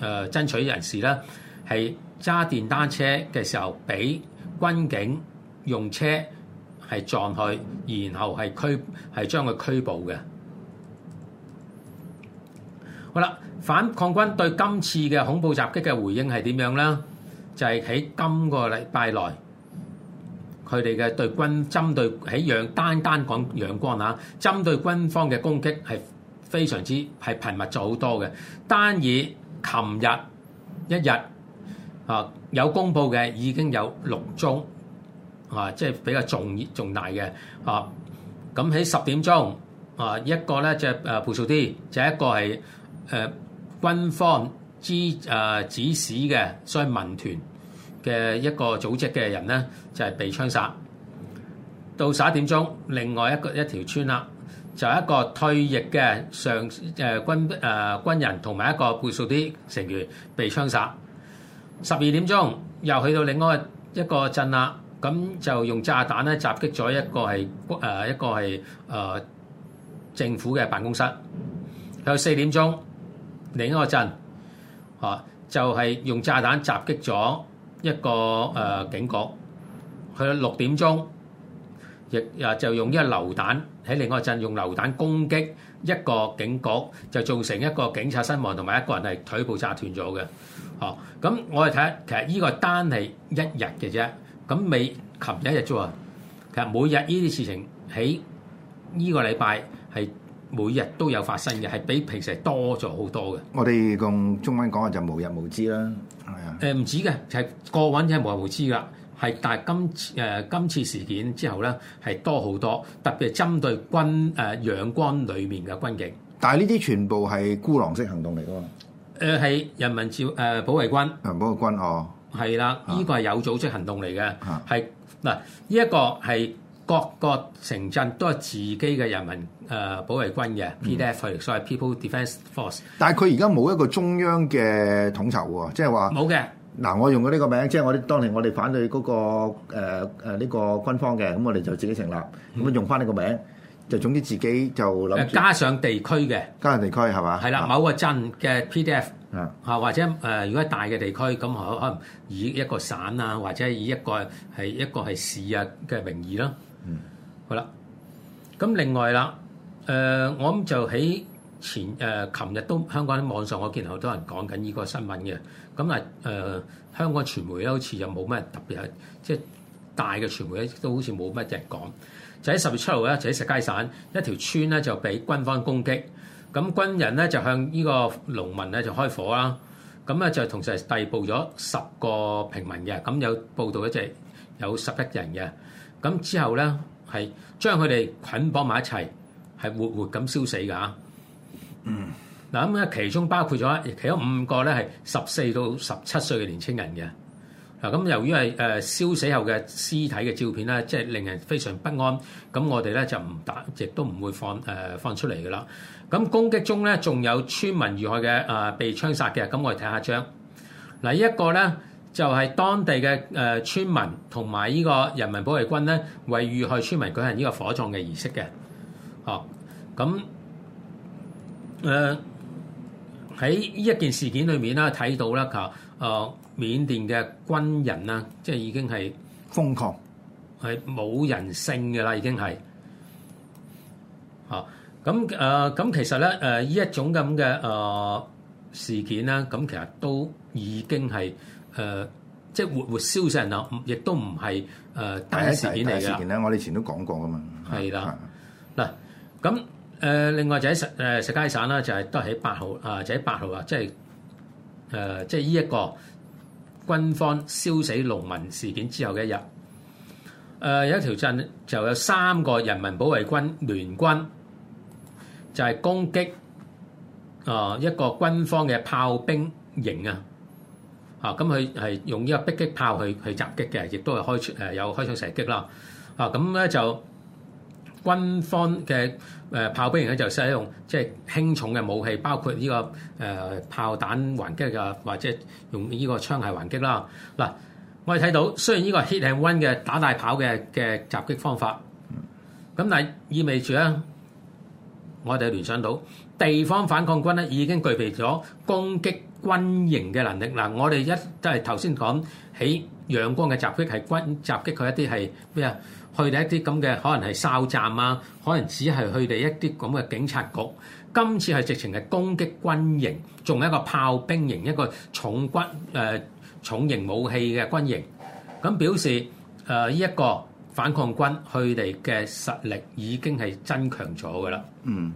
誒爭取人士啦，係揸電單車嘅時候俾軍警用車係撞佢，然後係拘係將佢拘捕嘅。好啦。反抗軍對今次嘅恐怖襲擊嘅回應係點樣咧？就係、是、喺今個禮拜內，佢哋嘅對軍針對喺陽單單講仰光嚇，針對軍方嘅攻擊係非常之係頻密咗好多嘅。單以琴日一日啊有公佈嘅已經有六宗啊，即、就、係、是、比較重重大嘅啊。咁喺十點鐘啊一個咧就誒報數啲，D, 就一個係誒。呃軍方指誒指使嘅，所以民團嘅一個組織嘅人咧，就係被槍殺。到十一點鐘，另外一個一條村啦，就係一個退役嘅上誒軍誒軍人同埋一個部屬啲成員被槍殺。十二點鐘又去到另外一個鎮啦，咁就用炸彈咧襲擊咗一個係誒一個係誒政府嘅辦公室。到四點鐘。另一個鎮，嚇就係、是、用炸彈襲擊咗一個誒警局，去到六點鐘亦啊就用呢個榴彈喺另一個鎮用榴彈攻擊一個警局，就造成一個警察身亡同埋一個人係腿部炸斷咗嘅。哦，咁我哋睇下，其實呢個是單係一日嘅啫，咁未琴日一日啫喎。其實每日呢啲事情喺呢個禮拜係。每日都有發生嘅，係比平時多咗好多嘅。我哋用中文講嘅就是、無日無之啦，係啊。誒、呃、唔止嘅，係過往已經無日無之啦，係但係今次、呃、今次事件之後咧係多好多，特別係針對軍誒、呃、仰軍裡面嘅軍警。但係呢啲全部係孤狼式行動嚟嘅喎。係、呃人，呃、人民保衛軍，誒保衛軍哦，係啦，呢、呢個係有組織行動嚟嘅，係、啊、嗱，依一、呃呢個係。各個城鎮都係自己嘅人民誒保衛軍嘅 PDF、嗯、所謂 People Defence Force。但係佢而家冇一個中央嘅統籌喎，即係話冇嘅。嗱、啊，我用嘅呢個名，即係我哋當年我哋反對嗰、那個誒呢、呃這個軍方嘅，咁我哋就自己成立，咁、嗯、樣用翻呢個名，就總之自己就諗加上地區嘅，加上地區係嘛？係啦，某個鎮嘅 PDF 啊，或者誒、呃，如果係大嘅地區咁可能以一個省啊，或者以一個係一個係市啊嘅名義咯。嗯、好啦，咁另外啦，誒、呃、我諗就喺前誒琴日都香港網上我見好多人講緊呢個新聞嘅，咁啊誒香港傳媒好似又冇咩特別係即係大嘅傳媒咧都好似冇乜人講，就喺十月七號咧就喺石階省一條村咧就俾軍方攻擊，咁軍人咧就向呢個農民咧就開火啦，咁咧就同時係逮捕咗十個平民嘅，咁有報道一隻有十一人嘅。咁之後咧，係將佢哋捆綁埋一齊，係活活咁燒死嘅嚇、嗯。嗱咁咧，其中包括咗，其中五個咧係十四到十七歲嘅年青人嘅。嗱咁由於係誒燒死後嘅屍體嘅照片咧，即係令人非常不安，咁我哋咧就唔打，亦都唔會放誒放出嚟嘅啦。咁攻擊中咧，仲有村民遇害嘅誒被槍殺嘅，咁我哋睇下張。嗱依一個咧。就係、是、當地嘅誒村民同埋呢個人民保衛軍咧，為遇害村民舉行呢個火葬嘅儀式嘅。哦，咁誒喺呢一件事件裏面咧，睇到啦，啊，誒，緬甸嘅軍人啦，即係已經係瘋狂，係冇人性嘅啦，已經係。啊、呃，咁誒，咁其實咧，誒依一種呢一種咁嘅誒事件咧，咁其實都已經係。誒，即係活活燒死人啦！亦都唔係誒單事件嚟嘅。事件咧，我哋以前都講過㗎嘛。係啦，嗱，咁、啊、誒、呃，另外就喺、是呃、石誒實皆省啦、就是，就係都係喺八號啊，就喺八號啊，即係誒，即係呢一個軍方燒死農民事件之後嘅一日。誒、呃，有一條鎮就有三個人民保衛軍聯軍，就係、是、攻擊啊、呃、一個軍方嘅炮兵營啊！啊，咁佢係用呢個迫擊炮去去襲擊嘅，亦都係開槍誒，有開槍射擊啦。啊，咁咧就軍方嘅誒炮兵咧就使用即係輕重嘅武器，包括呢個誒炮彈還擊啊，或者用呢個槍械還擊啦。嗱，我哋睇到雖然呢個 hit and run 嘅打大炮嘅嘅襲擊方法，咁但係意味住咧，我哋聯想到地方反抗軍咧已經具備咗攻擊軍營嘅能力。嗱，我哋一都係頭先講起陽光嘅襲擊是，係軍襲擊佢一啲係咩啊？佢哋一啲咁嘅可能係哨站啊，可能只係佢哋一啲咁嘅警察局。今次係直情係攻擊軍營，仲有一個炮兵營，一個重軍誒、呃、重型武器嘅軍營。咁表示誒呢、呃、一個反抗軍佢哋嘅實力已經係增強咗噶啦。嗯，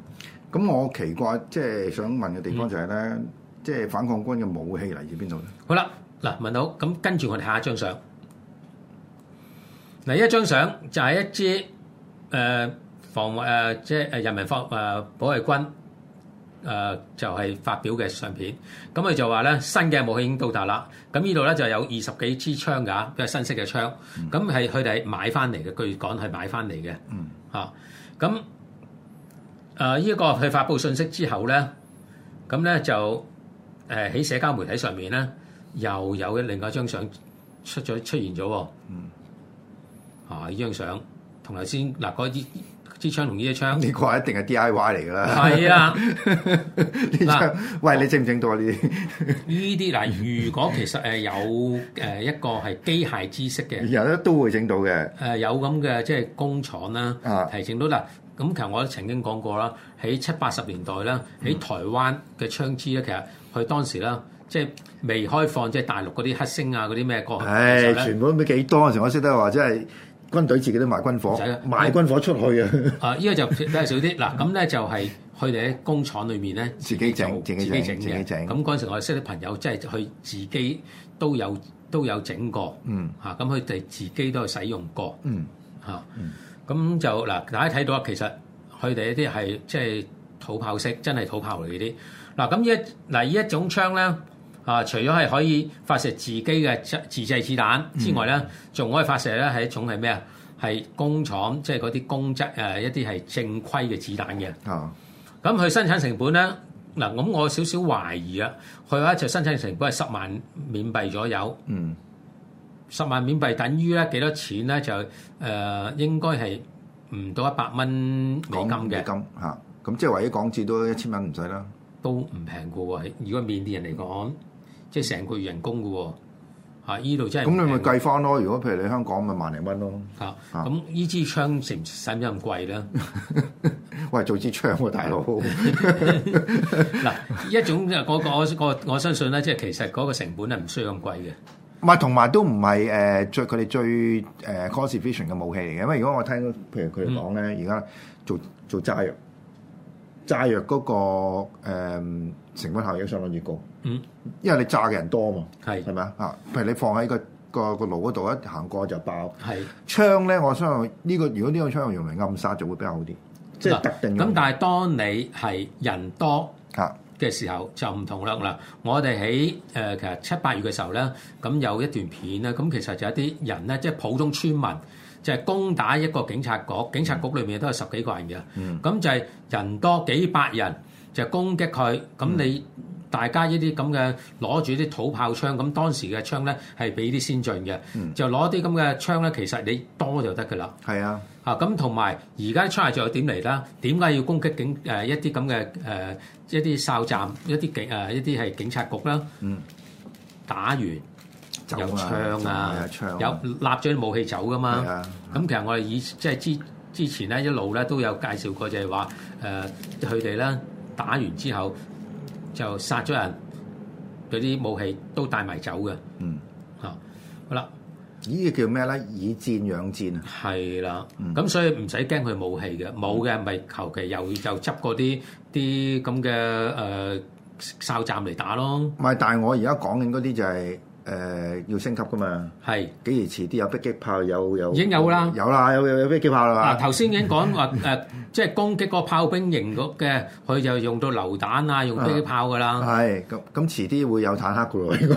咁我奇怪即係、就是、想問嘅地方就係、是、咧。嗯即係反抗軍嘅武器嚟自邊度咧？好啦，嗱，問到咁，跟住我哋下一張相。嗱，一張相就係一支誒、呃、防誒、呃、即係誒人民防誒、呃、保衞軍誒、呃、就係、是、發表嘅相片。咁佢就話咧，新嘅武器已經到達啦。咁呢度咧就有二十幾支槍㗎，即係新式嘅槍。咁係佢哋買翻嚟嘅，據講係買翻嚟嘅。嗯、啊，嚇咁誒呢一個佢發布信息之後咧，咁咧就。誒喺社交媒體上面咧，又有另外一張相出咗出現咗、嗯，啊！呢張相同頭先嗱，嗰支槍同呢一槍，呢、啊、個一定係 D I Y 嚟㗎啦，係啊！嗱、 啊，喂，你整唔整到啊？呢啲呢啲嗱，如果其實誒有誒一個係機械知識嘅人咧，都會整到嘅。誒、啊、有咁嘅即係工廠啦，提醒到啦。啊啊。咁其實我都曾經講過啦，喺七八十年代咧，喺台灣嘅槍支咧，其實佢當時咧，即係未開放，即係大陸嗰啲黑星啊，嗰啲咩國、哎，全部都唔知幾多。我識得話，即係軍隊自己都賣軍火，賣軍火出去嘅。嗯、 啊，依、依個就比較少啲嗱。咁、嗯、咧就係佢哋喺工廠裏面咧，自己整，自己整，自己整。咁嗰陣時我哋識啲朋友，即係佢自己都有都有整過，嗯，咁佢哋自己都有使用過，嗯，嗯咁就嗱，大家睇到啊，其實佢哋一啲係即係土炮式，真係土炮嚟啲。嗱咁一嗱呢一種槍咧，啊，除咗係可以發射自己嘅自製子彈之外咧，仲、嗯、可以發射咧係一種係咩啊？係工廠即係嗰啲工質啊，一啲係正規嘅子彈嘅。哦，咁佢生產成本咧，嗱、啊、咁我少少懷疑啊，佢話就生產成本係十萬緬幣左右。嗯。十萬緬幣等於咧幾多少錢咧？就誒、呃、應該係唔到一百蚊美金嘅。金嚇，咁即係為咗港紙都一千蚊唔使啦。都唔平嘅喎，如果緬甸人嚟講，嗯、即係成個月人工嘅喎，呢度真係。咁、嗯嗯、你咪計翻咯？如果譬如你香港咪萬零蚊咯。嚇、嗯！咁呢支槍成使唔使咁貴咧？喂，做支槍喎、啊，大佬。嗱 一種我我我我相信咧，即係其實嗰個成本係唔需要咁貴嘅。唔同埋都唔係誒最佢哋最誒、呃、c o u s e r v a t i o n 嘅武器嚟嘅，因為如果我聽，譬如佢哋講咧，而、嗯、家做做炸藥，炸藥嗰、那個、呃、成本效益相當越高，嗯，因為你炸嘅人多嘛，係係咪啊？譬如你放喺個個個爐嗰度一行過就爆，係槍咧，我相信呢、這個如果呢個窗用嚟暗殺就會比較好啲，即係特定咁。但係當你係人多、啊嘅時候就唔同啦。嗱，我哋喺誒其實七八月嘅時候咧，咁有一段片咧，咁其實就有一啲人咧，即係普通村民就係攻打一個警察局，警察局裏面都有十幾個人嘅，咁就係人多幾百人就攻擊佢，咁你。嗯大家依啲咁嘅攞住啲土炮槍，咁當時嘅槍咧係比啲先進嘅、嗯，就攞啲咁嘅槍咧，其實你多就得噶啦。係啊，嚇咁同埋而家出嚟仲有點嚟啦？點解要攻擊警誒一啲咁嘅誒一啲哨站、一啲、呃呃、警誒、呃、一啲係警察局啦，嗯，打完、啊、有槍啊，啊有擸咗啲武器走噶嘛。咁、啊啊啊、其實我哋以即係之之前咧一路咧都有介紹過就，就係話誒佢哋咧打完之後。就殺咗人，嗰啲武器都帶埋走嘅。嗯，好啦。咦，叫咩咧？以戰養戰啊。係啦，咁、嗯、所以唔使驚佢武器嘅，冇嘅咪求其又就執嗰啲啲咁嘅誒哨站嚟打咯。唔係，但係我而家講緊嗰啲就係、是。誒、呃、要升級噶嘛？係，既然遲啲有迫擊炮，有有已經有啦，有啦，有有，有迫擊炮啦。嗱、啊，頭先已經講話誒，即係攻擊個炮兵型嘅，佢就用到榴彈啊，用迫擊炮噶啦。係、啊，咁咁遲啲會有坦克噶喎，應該。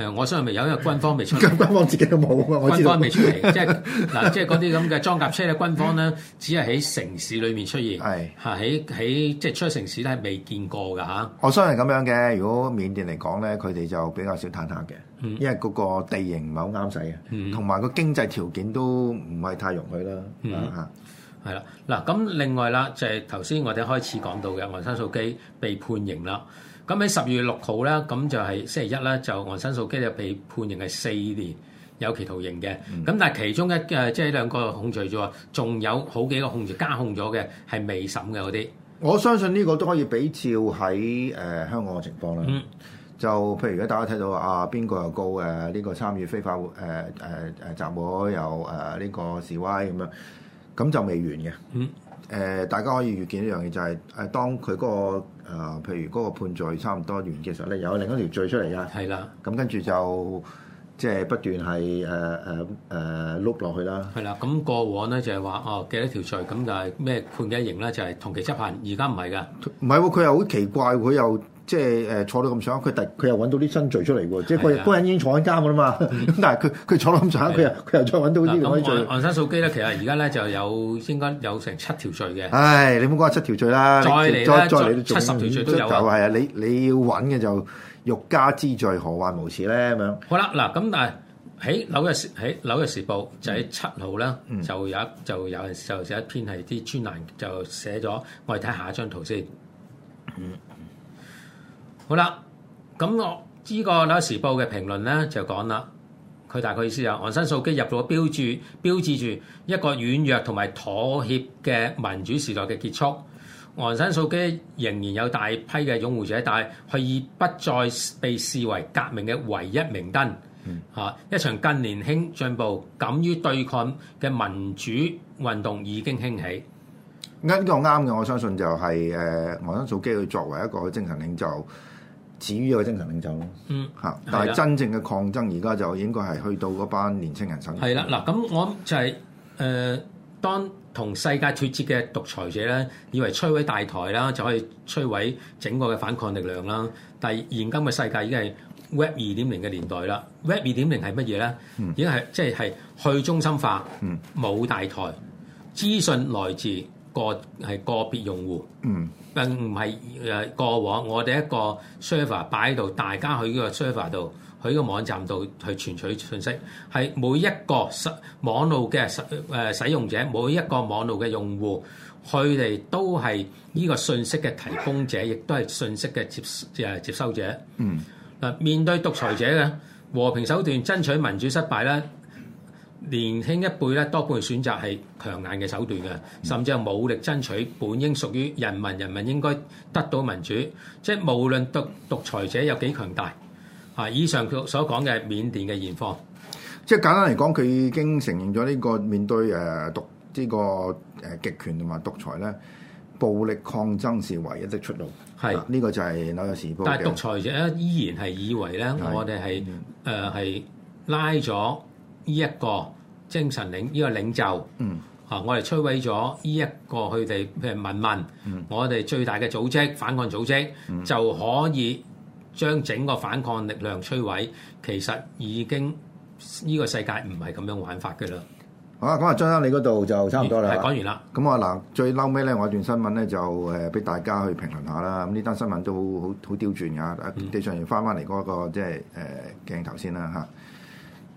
誒、啊，我相信未有，因為軍方未出。軍方自己都冇啊，軍方未出嚟、 啊。即係嗱，即係嗰啲咁嘅裝甲車嘅軍方咧只係喺城市裏面出現。係，喺喺即係出城市都係未見過㗎嚇。我相信咁樣嘅，如果緬甸嚟講咧，佢哋就比較少坦克嘅。因為嗰個地形唔係好啱使嘅，同埋個經濟條件都唔係太容許啦嚇。係、嗯、啦，嗱、啊、咁另外啦，就係頭先我哋開始講到嘅，昂山素姬被判刑啦。咁喺十二月六號咧，咁就係星期一咧，就昂山素姬就被判刑係四年有期徒刑嘅。咁、嗯、但係其中一誒，即、就、係、是、兩個控罪咗，仲有好幾個控罪加控咗嘅係未審嘅嗰啲。我相信呢個都可以比照喺誒、呃、香港嘅情況啦、嗯。就譬如而家大家睇到啊，邊個又告呢、啊呢個參與非法誒誒誒集會又呢、啊啊呢個示威咁樣，咁就未完嘅。嗯、啊，大家可以預見一樣嘢就係、是、誒、啊、當佢嗰、嗰個、啊、譬如嗰個判罪差唔多完嘅時候咧，有另一條罪出嚟㗎。係啦。咁跟住就即係、就是、不斷係誒誒誒碌落去啦。係、啊、啦。咁、啊啊、過往咧就係、是、話哦幾多條罪，咁就係咩判幾多刑咧？就係、是、同期執行。而家唔係㗎。唔係喎，佢又好奇怪，佢又。即係誒坐到咁長，佢第佢又揾到啲新罪出嚟喎。即係嗰嗰人已經坐緊監㗎啦嘛。咁、嗯、但係佢佢坐咁長佢又佢又再揾到啲咁罪。咁山按數機咧，其實而家咧就有應該有成七條罪嘅。唉，你唔好講七條罪啦、嗯。再嚟再嚟七十條罪都有。就係啊，你你要揾嘅就欲加之罪，何患無辭咧咁樣。好啦，嗱咁但係喺、哎《紐約時》喺、哎《紐約時報》就喺七號啦、嗯，就有一就有一就寫一,一篇係啲專欄，就寫咗。我哋睇下一張圖先。嗯。好啦，咁我知個《紐約時報》嘅評論咧就講啦，佢大概意思就係、是、昂山素姬入咗標注標誌住一個軟弱同埋妥協嘅民主時代嘅結束。昂山素姬仍然有大批嘅擁護者，但係佢已不再被視為革命嘅唯一明燈。嚇、嗯，一場更年輕、進步、敢於對抗嘅民主運動已經興起。呢、嗯嗯這個啱嘅，我相信就係、是、誒、呃、昂山素姬佢作為一個精神領袖。至於一個精神領袖咯，嚇、嗯！但係真正嘅抗爭而家就應該係去到嗰班年青人身上，嗯。係啦，嗱咁我就係、是、誒、呃，當同世界脫節嘅獨裁者咧，以為摧毀大台啦，就可以摧毀整個嘅反抗力量啦。但係現今嘅世界已經係 Web 二點零嘅年代啦。Web 二點零係乜嘢咧？已經係即係去中心化，冇、嗯、大台，資訊來自。個係個別用戶、嗯，並唔係誒過往我哋一個 server 擺喺度，大家去呢個 server 度，去呢個網站度去傳取信息，係每一個實網絡嘅使誒使用者，每一個網絡嘅用戶，佢哋都係呢個信息嘅提供者，亦都係信息嘅接誒接收者。嗯，嗱面對獨裁者嘅和平手段爭取民主失敗咧。年輕一輩咧，多半選擇係強硬嘅手段嘅，甚至係武力爭取本應屬於人民，人民應該得到民主。即係無論獨獨裁者有幾強大，啊，以上佢所講嘅緬甸嘅現況，即係簡單嚟講，佢已經承認咗呢個面對誒獨呢個誒極權同埋獨裁咧，暴力抗爭是唯一的出路。係呢個就係紐約時報。但係獨裁者咧，依然係以為咧，我哋係誒係拉咗。呢、這、一個精神領呢、這個領袖，嗯啊、我哋摧毀咗呢一個佢哋嘅民我哋最大嘅組織反抗組織、嗯、就可以將整個反抗力量摧毀。其實已經呢、這個世界唔係咁樣玩法嘅啦。好啦咁啊，張生你嗰度就差唔多啦，係講、嗯、完啦。咁啊嗱，最嬲尾咧，我一段新聞咧就誒俾、呃、大家去評論下啦。咁呢單新聞都好好好刁轉噶。地、嗯、上完翻翻嚟嗰個即係、呃、鏡頭先啦吓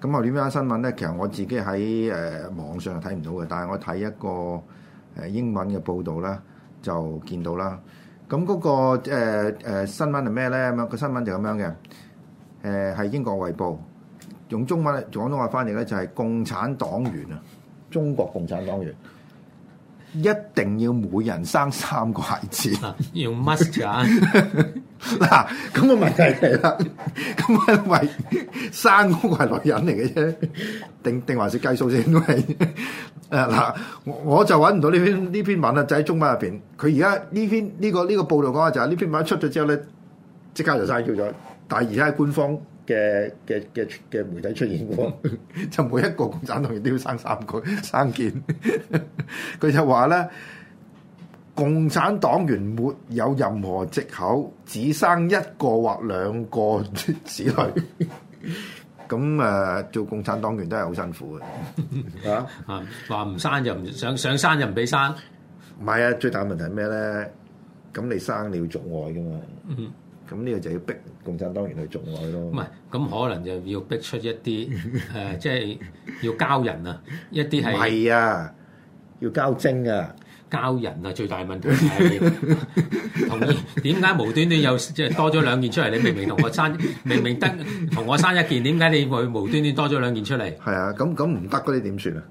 咁啊，點樣新聞咧？其實我自己喺誒、呃、網上睇唔到嘅，但係我睇一個、呃、英文嘅報道咧，就見到啦。咁嗰、那個、呃呃、新聞係咩咧？咁樣個新聞就咁樣嘅，係、呃、英國《衛報》用中文、廣東話翻譯咧，就係、是、共產黨員啊，中國共產黨員一定要每人生三個孩子。用乜嘢？嗱，咁個問題嚟啦，咁 係生嗰個係女人嚟嘅啫，定定還是計數先應該係？誒嗱，我我就揾唔到呢篇呢 篇文啦，就喺中文入邊。佢而家呢篇呢、呢個呢、呢個報導講嘅就係、是、呢篇文出咗之後咧，即刻就刪咗咗， 但係而家喺官方嘅嘅嘅嘅媒體出現過， 就每一個共產黨員都要生三個生件，佢 就話咧。共產黨員沒有任何藉口，只生一個或兩個子女，咁誒做共產黨員都係好辛苦嘅。嚇，話唔生就唔想，想生就唔俾生。唔係啊，最大問題係咩咧？咁你生你要做愛噶嘛？嗯，咁呢個就要逼共產黨員去做愛咯。唔係，咁可能就要逼出一啲誒，即 係、啊就是、要交人啊，一啲係係啊，要交精啊。交人啊，最大的問題係 同意點解無端端又即係多咗兩件出嚟？你明明同我爭，明明得同我爭一件，點解你會無端端多咗兩件出嚟？係啊，咁咁唔得嗰啲點算啊？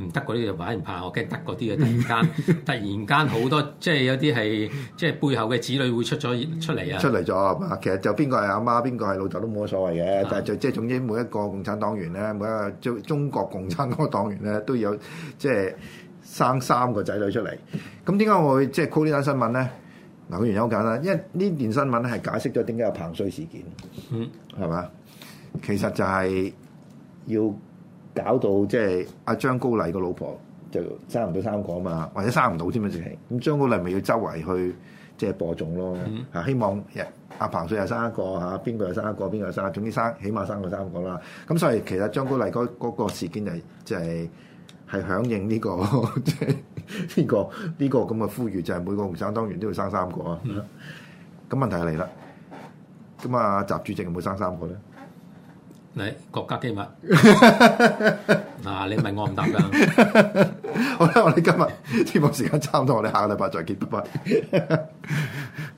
唔得嗰啲就玩唔怕，我驚得嗰啲啊！突然間， 突然間好多即係有啲係即係背後嘅子女會出咗出嚟啊！出嚟咗係嘛？其實就邊個係阿媽，邊個係老豆都冇乜所謂嘅。是的但係就即係總之每一個共產黨員咧，每一個中中國共產黨黨員咧，都有即係，生三個仔女出嚟，咁點解我會即係 call 呢單新聞咧？嗱，個原因好簡單，因為呢段新聞咧係解釋咗點解阿彭帥事件，係、嗯、嘛？其實就係要搞到即係阿張高麗個老婆就生唔到三個嘛，或者生唔到添啊？直情咁張高麗咪要周圍去即係播種咯，嚇、嗯、希望阿、yeah, 彭帥又生一個嚇，邊個又生一個，邊個又生，總之生起碼生個三個啦。咁所以其實張高麗嗰、嗰個事件就係即係。係響應呢、這個，即係呢個呢、這個咁嘅呼籲，就係、是、每個共產黨員都要生三個啊！咁、嗯、問題嚟啦，咁啊，習主席有冇生三個咧？你國家機密嗱， 你問我唔答噶。好啦，我哋今日節目時間差唔多，我哋下個禮拜再見，拜拜。